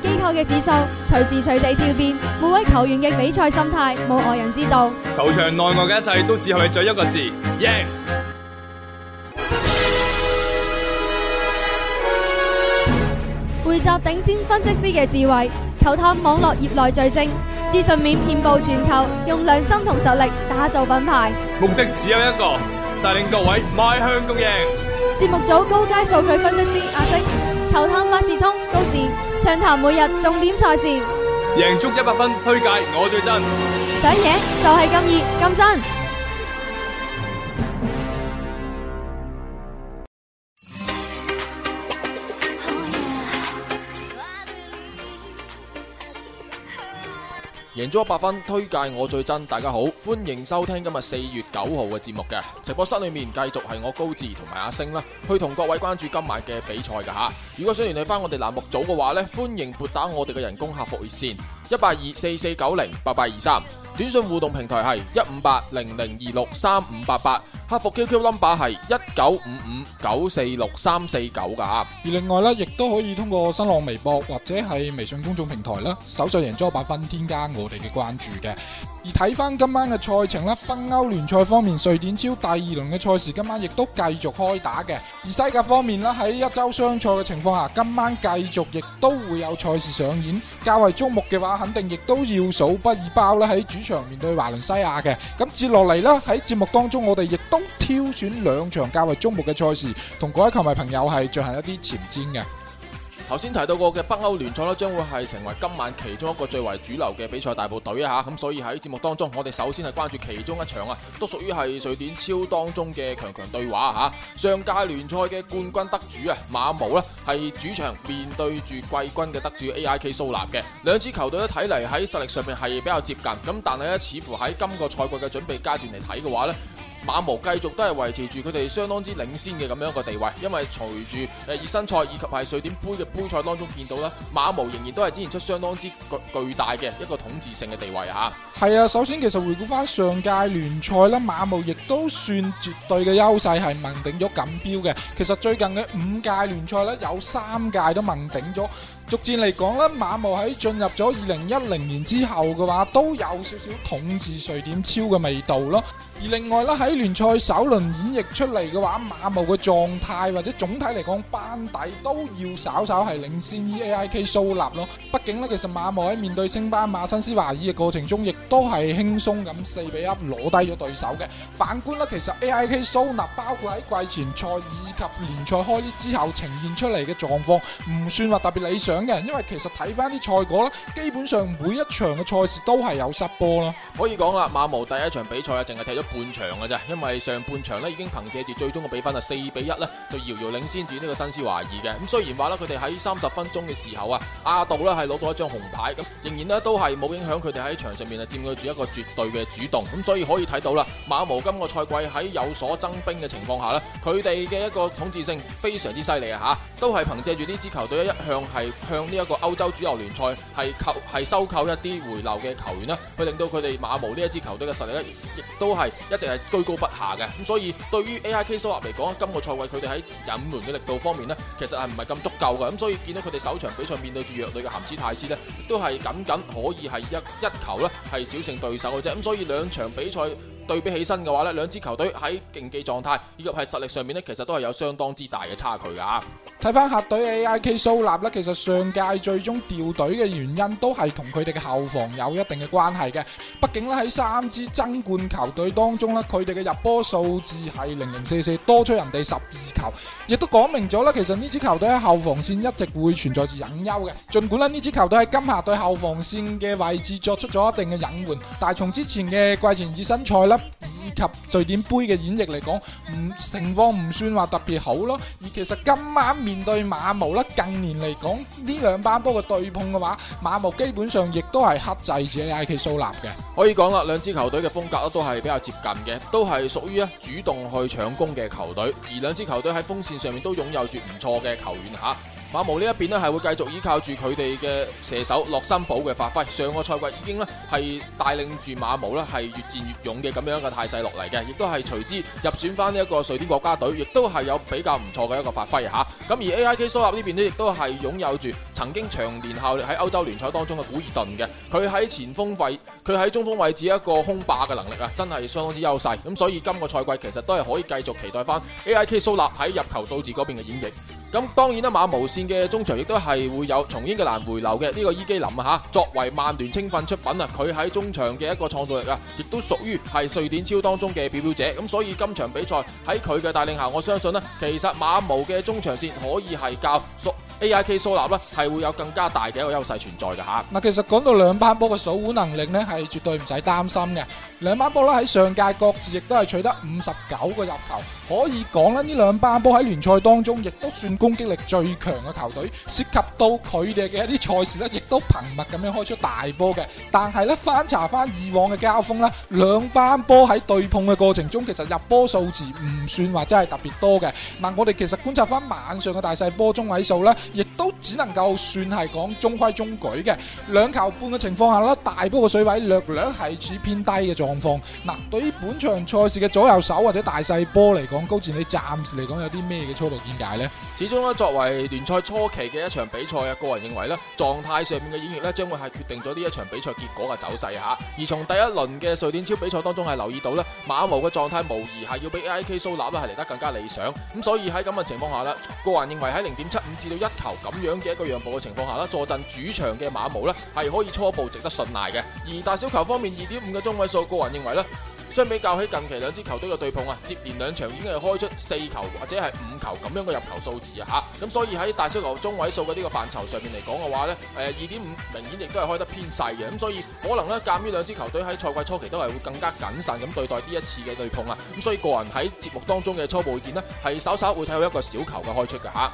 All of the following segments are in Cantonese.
機構嘅指數隨時隨地跳變，每位球員嘅比賽心態冇外人知道。球場內外嘅一切都只係為咗一個字：贏。匯集頂尖分析師嘅智慧，球探網絡業內最精，資訊面遍佈全球，用良心同實力打造品牌。目的只有一個，帶領各位邁向共贏。節目組高階數據分析師阿星，球探百事通高智。暢談每日重點賽事，贏足一百分推介，我最真，想贏就係咁易咁真。贏咗一百分，推介我最真。大家好，歡迎收聽今日四月九號嘅節目嘅直播室裏面，繼續係我高志同埋阿星啦，去同各位關注今晚嘅比賽㗎吓。如果想聯繫返我哋欄目組嘅話呢，歡迎撥打我哋嘅人工客服熱線一八二四四九零八八二三，短信互動平台係一五八零零二六三五八八。客服 QQ number 係一九五五九四六三四九噶，而另外咧亦都可以通過新浪微博或者係微信公眾平台啦，搜索贏足 100FUN 添加我哋嘅關注嘅。而睇翻今晚嘅賽程咧，北歐聯賽方面，瑞典超第二輪嘅賽事今晚亦都繼續開打嘅。而西甲方面啦，喺一周雙賽嘅情況下，今晚繼續亦都會有賽事上演。較為矚目嘅話，肯定亦都要數畢爾包啦，喺主場面對華倫西亞嘅。咁接落嚟啦，喺節目當中我哋亦都。挑選兩場較為矚目嘅賽事，同各位球迷朋友係進行一啲前瞻嘅。頭先提到過嘅北歐聯賽咧，將會係成為今晚其中一個最為主流嘅比賽大部隊啊！咁所以喺節目當中，我哋首先係關注其中一場啊，都屬於係瑞典超當中嘅強強對話啊！吓，上屆聯賽嘅冠軍得主啊，馬毛呢，係主場面對住季軍嘅得主 AIK 蘇納嘅兩支球隊，一睇嚟，喺實力上面係比較接近咁，但係咧，似乎喺今個賽季嘅準備階段嚟睇嘅話呢。馬毛繼續都係維持住佢哋相當之領先嘅咁樣一個地位，因為隨住誒熱身賽以及係瑞典杯嘅杯賽當中見到啦，馬毛仍然都係展現出相當之巨，巨大嘅一個統治性嘅地位吓。係啊，首先其實回顧翻上屆聯賽啦，馬毛亦都算絕對嘅優勢係問鼎咗錦標嘅。其實最近嘅五屆聯賽咧，有三屆都問鼎咗。逐漸嚟講啦，馬慕喺進入咗二零一零年之後嘅話，都有少少統治瑞典超嘅味道咯。而另外啦，喺聯賽首輪演繹出嚟嘅話，馬慕嘅狀態或者總體嚟講班底都要稍稍係領先於 AIK 蘇納咯。畢竟咧，其實馬慕喺面對升班馬新斯華爾嘅過程中，亦都係輕鬆咁四比一攞低咗對手嘅。反觀啦，其實 AIK 蘇納包括喺季前賽以及聯賽開始之後呈現出嚟嘅狀況，唔算話特別理想。因為其實睇翻啲賽果啦，基本上每一場嘅賽事都係有失波啦。可以講啦，馬毛第一場比賽啊，淨係踢咗半場嘅啫，因為上半場呢已經憑借住最終嘅比分啊，四比一呢，就遙遙領先住呢個新斯華爾嘅。咁雖然話呢，佢哋喺三十分鐘嘅時候啊，阿杜呢係攞到一張紅牌，咁仍然呢都係冇影響佢哋喺場上面啊占據住一個絕對嘅主動。咁所以可以睇到啦，馬毛今個賽季喺有所增兵嘅情況下呢，佢哋嘅一個統治性非常之犀利啊。吓，都係憑借住呢支球隊一向係。向呢一個歐洲主流聯賽係購係收購一啲回流嘅球員呢，去令到佢哋馬無呢一支球隊嘅實力咧，亦都係一直係居高不下嘅。咁、嗯、所以對於 A I K 蘇格嚟講，今、這個賽季佢哋喺引援嘅力度方面呢，其實係唔係咁足夠嘅。咁、嗯、所以見到佢哋首場比賽面對住弱隊嘅鹹豬泰斯呢，都係僅僅可以係一一球呢，係小勝對手嘅啫。咁、嗯、所以兩場比賽。對比起身嘅話咧，兩支球隊喺競技狀態以及係實力上面咧，其實都係有相當之大嘅差距噶睇翻，客隊 AIK 蘇納啦，其實上屆最終掉隊嘅原因都係同佢哋嘅後防有一定嘅關係嘅。畢竟咧喺三支爭冠球隊當中咧，佢哋嘅入波數字係零零四四，多出人哋十二球，亦都講明咗啦。其實呢支球隊喺後防線一直會存在住隱憂嘅。盡管咧呢支球隊喺今夏對後防線嘅位置作出咗一定嘅隱瞞，但係從之前嘅季前熱身賽咧。以及瑞典杯嘅演繹嚟講，唔情況唔算話特別好咯。而其實今晚面對馬毛啦，近年嚟講呢兩班波嘅對碰嘅話，馬毛基本上亦都係克制住艾奇蘇納嘅。可以講啦，兩支球隊嘅風格都係比較接近嘅，都係屬於啊主動去搶攻嘅球隊。而兩支球隊喺鋒線上面都擁有住唔錯嘅球員吓。馬毛呢一邊咧係會繼續依靠住佢哋嘅射手洛森堡嘅發揮，上個賽季已經咧係帶領住馬毛咧係越戰越勇嘅咁樣嘅態勢落嚟嘅，亦都係隨之入選翻，呢一個瑞典國家隊，亦都係有比較唔錯嘅一個發揮吓。咁、啊、而 A I K 蘇納呢邊咧亦都係擁有住曾經長年效力喺歐洲聯賽當中嘅古爾頓嘅，佢喺前鋒位，佢喺中鋒位置一個空霸嘅能力啊，真係相當之優勢。咁所以今個賽季其實都係可以繼續期待翻 A I K 蘇納喺入球數字嗰邊嘅演繹。咁當然啦，馬無線嘅中場亦都係會有從英格蘭回流嘅呢、這個伊基林啊，作為曼聯青訓出品啊，佢喺中場嘅一個創造力啊，亦都屬於係瑞典超當中嘅表表者。咁所以今場比賽喺佢嘅帶領下，我相信呢，其實馬無嘅中場線可以係較 A I K 蘇納呢係會有更加大嘅一個優勢存在嘅嚇。嗱，其實講到兩班波嘅守護能力呢，係絕對唔使擔心嘅。兩班波啦，喺上屆各自亦都係取得五十九個入球。可以講啦，呢兩班波喺聯賽當中亦都算攻擊力最強嘅球隊，涉及到佢哋嘅一啲賽事咧，亦都頻密咁樣開出大波嘅。但係咧，翻查翻以往嘅交鋒咧，兩班波喺對碰嘅過程中，其實入波數字唔算話真係特別多嘅。嗱，我哋其實觀察翻晚上嘅大細波中位數咧，亦都只能夠算係講中規中矩嘅。兩球半嘅情況下咧，大波嘅水位略略係似偏低嘅狀況。嗱，對於本場賽事嘅左右手或者大細波嚟講，講高戰，你暫時嚟講有啲咩嘅初步見解呢？始終咧，作為聯賽初期嘅一場比賽啊，個人認為咧，狀態上面嘅演繹咧，將會係決定咗呢一場比賽結果嘅走勢吓。而從第一輪嘅瑞典超比賽當中係留意到咧，馬毛嘅狀態無疑係要比 AIK 蘇納咧係嚟得更加理想。咁所以喺咁嘅情況下啦，個人認為喺零點七五至到一球咁樣嘅一個讓步嘅情況下咧，坐鎮主場嘅馬毛咧係可以初步值得信賴嘅。而大小球方面，二點五嘅中位數，個人認為咧。相比較起近期兩支球隊嘅對碰啊，接連兩場已經係開出四球或者係五球咁樣嘅入球數字啊，吓，咁所以喺大小球中位數嘅呢個範疇上面嚟講嘅話呢，誒二點五明顯亦都係開得偏細嘅，咁所以可能呢，鑑於兩支球隊喺賽季初期都係會更加謹慎咁對待呢一次嘅對碰啊，咁所以個人喺節目當中嘅初步意見咧，係稍稍會睇到一個小球嘅開出嘅吓，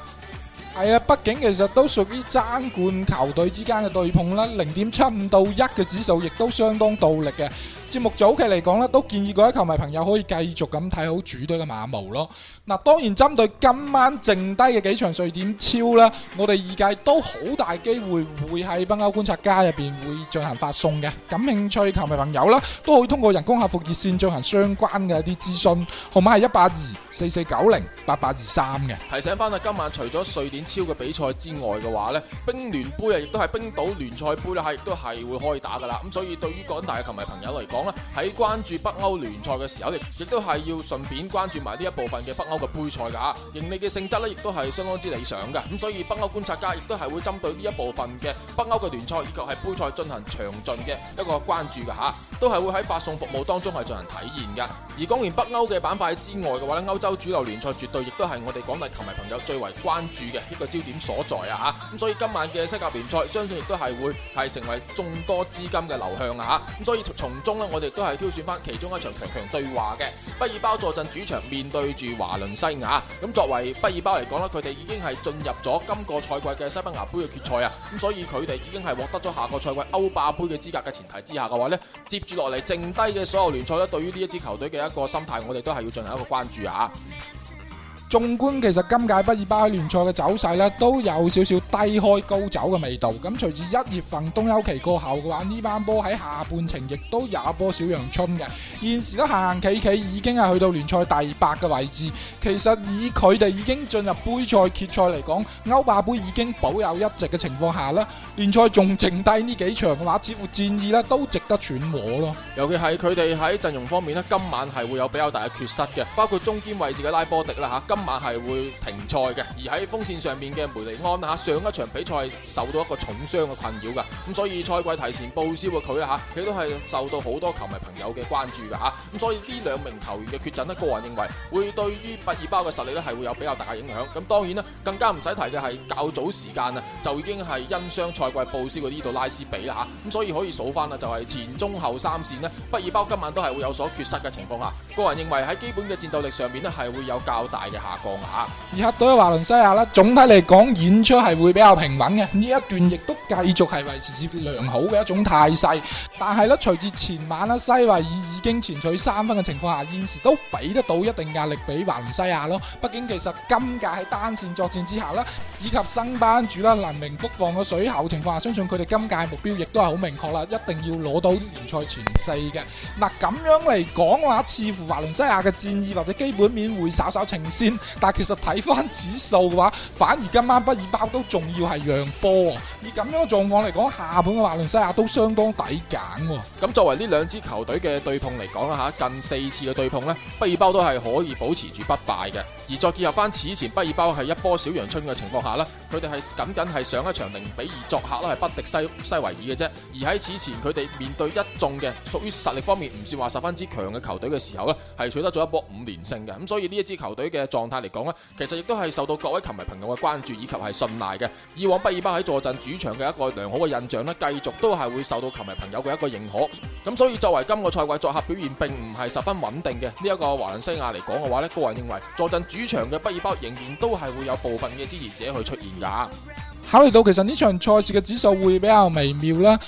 係啊，畢竟其實都屬於爭冠球隊之間嘅對碰啦，零點七五到一嘅指數亦都相當到力嘅。節目早期嚟講咧，都建議各位球迷朋友可以繼續咁睇好主隊嘅馬毛咯。嗱，當然針對今晚剩低嘅幾場瑞典超啦，我哋業界都好大機會會喺《北歐觀察家》入邊會進行發送嘅。感興趣球迷朋友啦，都可以通過人工客服熱線進行相關嘅一啲諮詢，號碼係一八二四四九零八八二三嘅。提醒翻啦，今晚除咗瑞典超嘅比賽之外嘅話咧，冰聯盃啊，亦都係冰島聯賽盃啦，係亦都係會開打噶啦。咁所以對於廣大嘅球迷朋友嚟講，喺關注北歐聯賽嘅時候，亦都係要順便關注埋呢一部分嘅北歐嘅杯賽噶吓，盈利嘅性質咧，亦都係相當之理想嘅。咁所以北歐觀察家亦都係會針對呢一部分嘅北歐嘅聯賽以及係杯賽進行詳盡嘅一個關注噶吓，啊，都係會喺發送服務當中係進行體驗噶。而講完北歐嘅板塊之外嘅話咧，歐洲主流聯賽絕對亦都係我哋廣大球迷朋友最為關注嘅一個焦點所在啊吓。咁所以今晚嘅西甲聯賽，相信亦都係會係成為眾多資金嘅流向啊吓。咁所以從中咧。我哋都係挑選翻其中一場強強對話嘅，畢爾包坐鎮主場面對住華倫西亞。咁作為畢爾包嚟講咧，佢哋已經係進入咗今個賽季嘅西班牙杯嘅決賽啊！咁所以佢哋已經係獲得咗下個賽季歐霸杯嘅資格嘅前提之下嘅話咧，接住落嚟剩低嘅所有聯賽咧，對於呢一支球隊嘅一個心態，我哋都係要進行一個關注啊！縱觀其實今屆畢爾巴聯賽嘅走勢呢，都有少少低開高走嘅味道。咁隨住一月份冬休期過後嘅話，呢班波喺下半程亦都有一波小陽春嘅。現時行行企企，已經係去到聯賽第八嘅位置。其實以佢哋已經進入杯賽決賽嚟講，歐霸杯已經保有一席嘅情況下咧，聯賽仲剩低呢幾場嘅話，似乎戰意呢都值得揣摩咯。尤其係佢哋喺陣容方面，今晚係會有比較大嘅缺失嘅，包括中堅位置嘅拉波迪啦吓，今。今晚係會停賽嘅，而喺鋒線上面嘅梅尼安吓、啊、上一場比賽受到一個重傷嘅困擾噶，咁、啊、所以賽季提前報銷嘅佢咧，吓、啊、佢都係受到好多球迷朋友嘅關註噶，吓、啊、咁所以呢兩名球員嘅缺陣咧，個人認為會對於畢爾包嘅實力咧係會有比較大嘅影響，咁當然啦，更加唔使提嘅係較早時間啊，就已經係因傷賽季報銷嘅呢度拉斯比啦，吓、啊、咁所以可以數翻啦，就係前中後三線呢畢爾包今晚都係會有所缺失嘅情況下。個人認為在基本嘅戰鬥力上面咧係會有較大嘅下降啊，而客隊華倫西亞咧，總體嚟講演出係會比較平穩嘅呢一段亦都繼續係維持住良好嘅一種態勢，但係咧，隨住前晚咧，西維爾已經前取三分嘅情況下，現時都俾得到一定壓力俾華倫西亞咯。畢竟其實今屆喺單線作戰之下啦，以及新班主啦林明福放咗水喉情況下，相信佢哋今屆目標亦都係好明確啦，一定要攞到聯賽前四嘅。嗱，咁樣嚟講嘅話，似乎華倫西亞嘅戰意或者基本面會稍稍呈現，但係其實睇翻指數嘅話，反而今晚畢爾包都仲要係讓波。而咁樣。狀況嚟講，下半嘅華倫西亞都相當抵揀。咁作為呢兩支球隊嘅對碰嚟講啦，吓近四次嘅對碰咧，畢爾包都係可以保持住不敗嘅。而再結合翻此前畢爾包係一波小陽春嘅情況下咧，佢哋係僅僅係上一場零比二作客啦係不敵西西維爾嘅啫。而喺此前佢哋面對一眾嘅屬於實力方面唔算話十分之強嘅球隊嘅時候咧，係取得咗一波五連勝嘅。咁所以呢一支球隊嘅狀態嚟講咧，其實亦都係受到各位球迷朋友嘅關注以及係信賴嘅。以往畢爾包喺坐鎮主場嘅。一個良好嘅印象咧，繼續都係會受到球迷朋友嘅一個認可，咁所以作為今個賽季作客表現並唔係十分穩定嘅呢一個華倫西亞嚟講嘅話咧，個人認為坐陣主場嘅畢爾包仍然都係會有部分嘅支持者去出現噶考慮到其實呢場賽事嘅指數會比較微妙啦，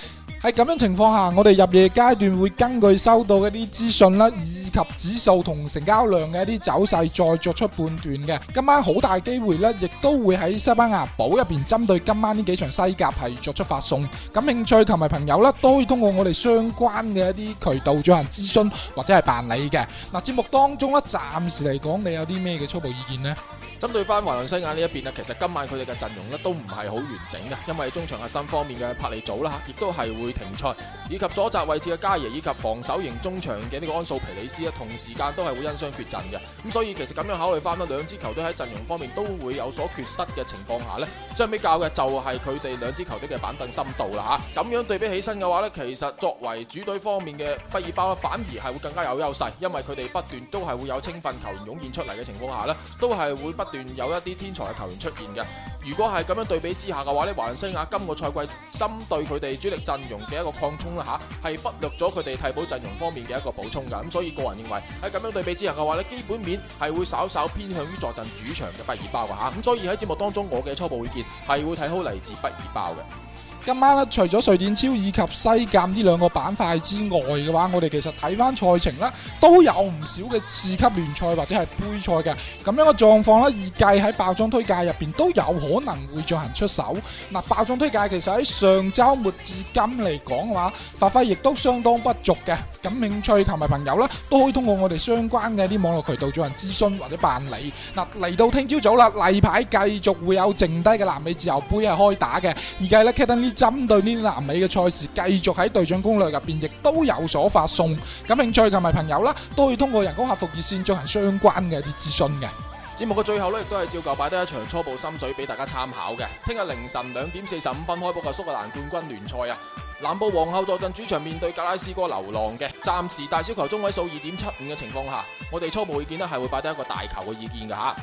喺咁樣情況下，我哋入夜階段會根據收到嘅啲資訊啦，及指數同成交量嘅一啲走勢再作出判斷嘅，今晚好大機會咧，亦都會喺西班牙堡入邊針對今晚呢幾場西甲係作出發送。感興趣同埋朋友咧，都可以通過我哋相關嘅一啲渠道進行諮詢或者係辦理嘅。嗱，節目當中咧，暫時嚟講，你有啲咩嘅初步意見呢？針對翻華倫西亞呢一邊呢，其實今晚佢哋嘅陣容呢都唔係好完整嘅，因為中場核心方面嘅帕利祖啦，亦都係會停賽，以及左閘位置嘅加耶，以及防守型中場嘅呢個安素皮里斯同時間都係會因傷缺陣嘅。咁所以其實咁樣考慮翻呢兩支球隊喺陣容方面都會有所缺失嘅情況下呢，相比較嘅就係佢哋兩支球隊嘅板凳深度啦，嚇，咁樣對比起身嘅話呢其實作為主隊方面嘅畢爾包反而係會更加有優勢，因為佢哋不斷都係會有青訓球員湧現出嚟嘅情況下都係會不。有一啲天才嘅球員出現嘅，如果係咁樣對比之下嘅話咧，華倫西亞今個賽季針對佢哋主力陣容嘅一個擴充啦吓，係忽略咗佢哋替補陣容方面嘅一個補充嘅，咁所以個人認為喺咁樣對比之下嘅話呢，基本面係會稍稍偏向於坐鎮主場嘅畢爾包嘅吓，咁所以喺節目當中我嘅初步意見係會睇好嚟自畢爾包嘅。今晚咧，除咗瑞典超以及西甲呢兩個板塊之外嘅話，我哋其實睇翻賽程啦，都有唔少嘅次級聯賽或者係杯賽嘅咁樣嘅狀況咧。預計喺爆莊推介入邊都有可能會進行出手。嗱，爆莊推介其實喺上周末至今嚟講嘅話，發揮亦都相當不俗嘅。感興趣嘅球迷朋友咧，都可以通過我哋相關嘅啲網絡渠道進行諮詢或者辦理。嗱，嚟到聽朝早啦，例牌繼續會有剩低嘅南美自由杯係開打嘅。預計咧呢，針對呢啲南美嘅賽事，繼續喺隊長攻略入邊亦都有所發送，感興趣同埋朋友啦，都可以通過人工客服熱線進行相關嘅一啲諮詢嘅。節目嘅最後呢，亦都係照舊擺低一場初步心水俾大家參考嘅。聽日凌晨兩點四十五分開播嘅蘇格蘭冠軍聯賽啊，南部皇后坐鎮主場面對格拉斯哥流浪嘅，暫時大小球中位數二點七五嘅情況下，我哋初步意見呢係會擺低一個大球嘅意見嘅吓。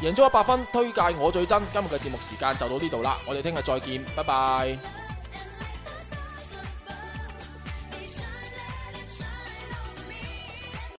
贏足 100FUN，推介我最真。今日嘅節目時間就到呢度啦，我哋聽日再見，拜拜。